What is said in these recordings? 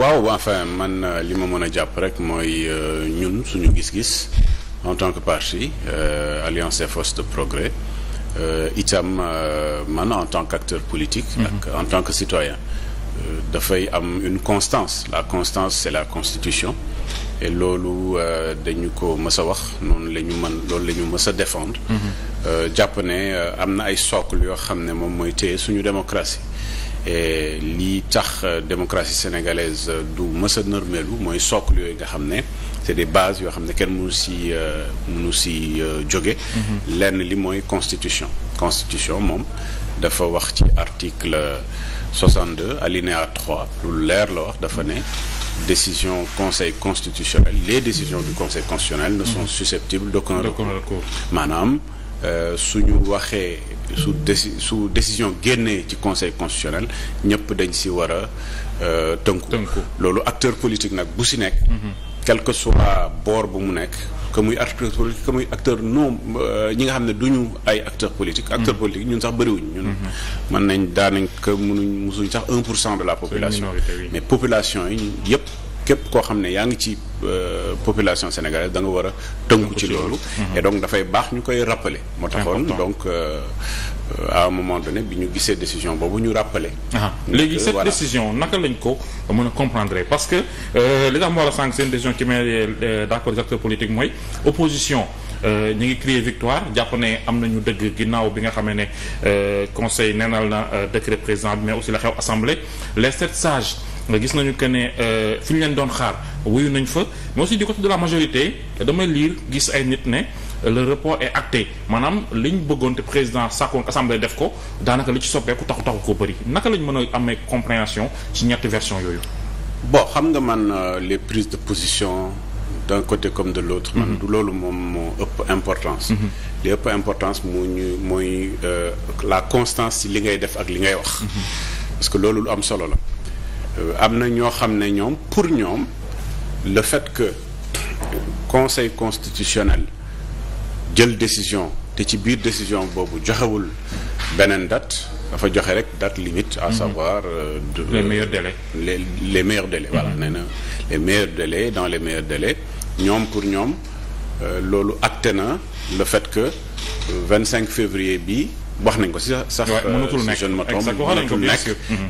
waaw enfin man euh, li ma mën a jàpp rek mooy euh, ñun suñu gis-gis en tant que parti euh, Alliance et Forces de Progrès euh, itam euh, man en tant acteur politique mhm. ak en tant que citoyen euh, dafay am une constance la constance c'est la constitution et loolu dañu ko mës a wax noonu la mën loolu la ñu mës a défendre mhm. jàpp ne am na ay socle yoo xam ne moom mooy téye suñu démocratie et lii tax euh, démocratie sénégalaise euh, du mës a nërmeelu mooy socle yooyu nga xam ne c'est des base yoo xam ne kenn mënu si euh, mënu si jóge mm-hmm. lenn li mooy constitution constitution moom dafa wax ci article 62 alinéa 3 lu leer la wax dafa ne décision conseil constitutionnel les décisions du conseil constitutionnel ne sont mm-hmm. susceptibles d'aucun recours maanaam Euh, su ñu waxee su déci su décision génnee ci conseil constitutionnel ñëpp dañ si war a euh, tënku. loolu acteur politique nag bu si nekk. Mhm. quelque que soit boor bu mu nekk. que muy acteur politique que muy acteur euh, ñi nga xam ne du ñu ay acteur politique acteur mhm. politique ñun sax bëriwuñ ñun man mhm. nañ daanañ que mënuñ musuñ sax un pour cent de la population mais population yi yëpp képp koo xam ne yaa ngi ci euh, population sénégalaise da nga war a tënku ci loolu mhm. et donc dafay baax ñu koy rappeler moo tax taxoon donc euh, à un moment donné bi ñu gisee décision boobu ñu rappeler euh, léegi cette décision naka lañ ko mën a comprendre parce que li tax ma war a sànq seen décision ci mais d'accord acteurs politiques mooy opposition ñu ngi crier victoire jàpp ne am nañu dëgg ginnaaw bi nga xamee ne conseil neenal na décret président bi mais aussi la xew assemblée les sept sages nga gis nañu que ne euh, fi ñu leen doon xaar wuyu nañ fa mais aussi du côté de la majorité damay lire gis ay nit ne le report est acté maanaam li ñu bëggoon te président sàkkoon assemblée def ko daanaka li ci soppeeku taxu taxu koo bëri naka lañ mën a amee compréhension ci ñetti version yooyu. bo xam nga man euh, les prise de position d'un côté comme de l'autre man mhm. du loolu moom moo ëpp importance. Mhm. li ëpp importance moo ñu mooy euh, la constance ci li ngay def ak li ngay wax. Mhm. parce que loolu lu am solo la. Euh, am na ñoo xam ne ñoom pour ñoom le fait que conseil constitutionnel jël décision te ci biir décision boobu joxewul beneen date dafa joxe rek date limite à mhm. savoir euh, de, les meilleurs délais les les meilleurs délais mm -hmm. voilà mhm. nee les délais dans les meilleurs délais ñoom pour ñoom euh, loolu acte na le fait que euh, vingt cinq février bi wax nañ ko si sax. mënatul euh, nekk si je ne me trompe mënatul nekk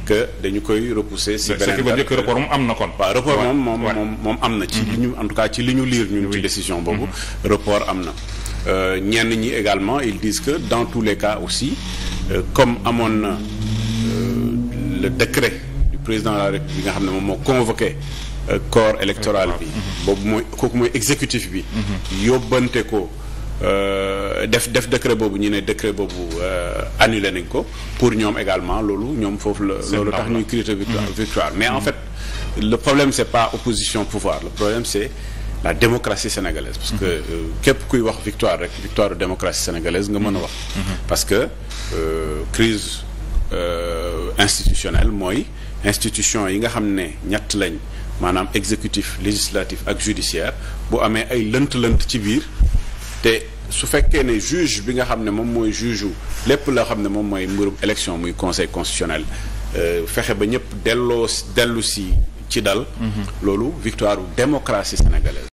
que mhm. dañu koy repousser si beneen. ce moom am na kon. waaw report ci mhm. li ñu en tout cas ci li ñu lire ñun ci décision boobu. Mhm. report am na. Euh, ñenn ñi également ils disent que dans tous les cas aussi euh, comme amoon na le décret du président la République bi nga xam ne moom moo convoqué. corps électoral bi. boobu mooy kooku mooy exécutif bi. yóbbante ko. Euh, def def décret boobu ñu ne décret boobu euh, annulé nañ ko pour ñoom également loolu ñoom foofu la loolu tax ñuy critiquer mm-hmm. victoire mais en mm-hmm. fait le problème c'est pas opposition pouvoir le problème c'est la démocratie sénégalaise parce que mm-hmm. euh, képp kuy wax victoire rek victoire démocratie sénégalaise nga mën a wax parce que euh, crise euh, mooy institution yi nga xam ne ñett lañ maanaam exécutif législatif ak judiciaire bu amee ay lënt-lënt ci biir te su fekkee ne juge bi nga xam ne moom mooy juge lépp loo xam ne moom mooy mbirum élection muy conseil constitutionnel euh, fexe ba ñëpp delloo dellu si ci dal mm-hmm. loolu victoire u démocratie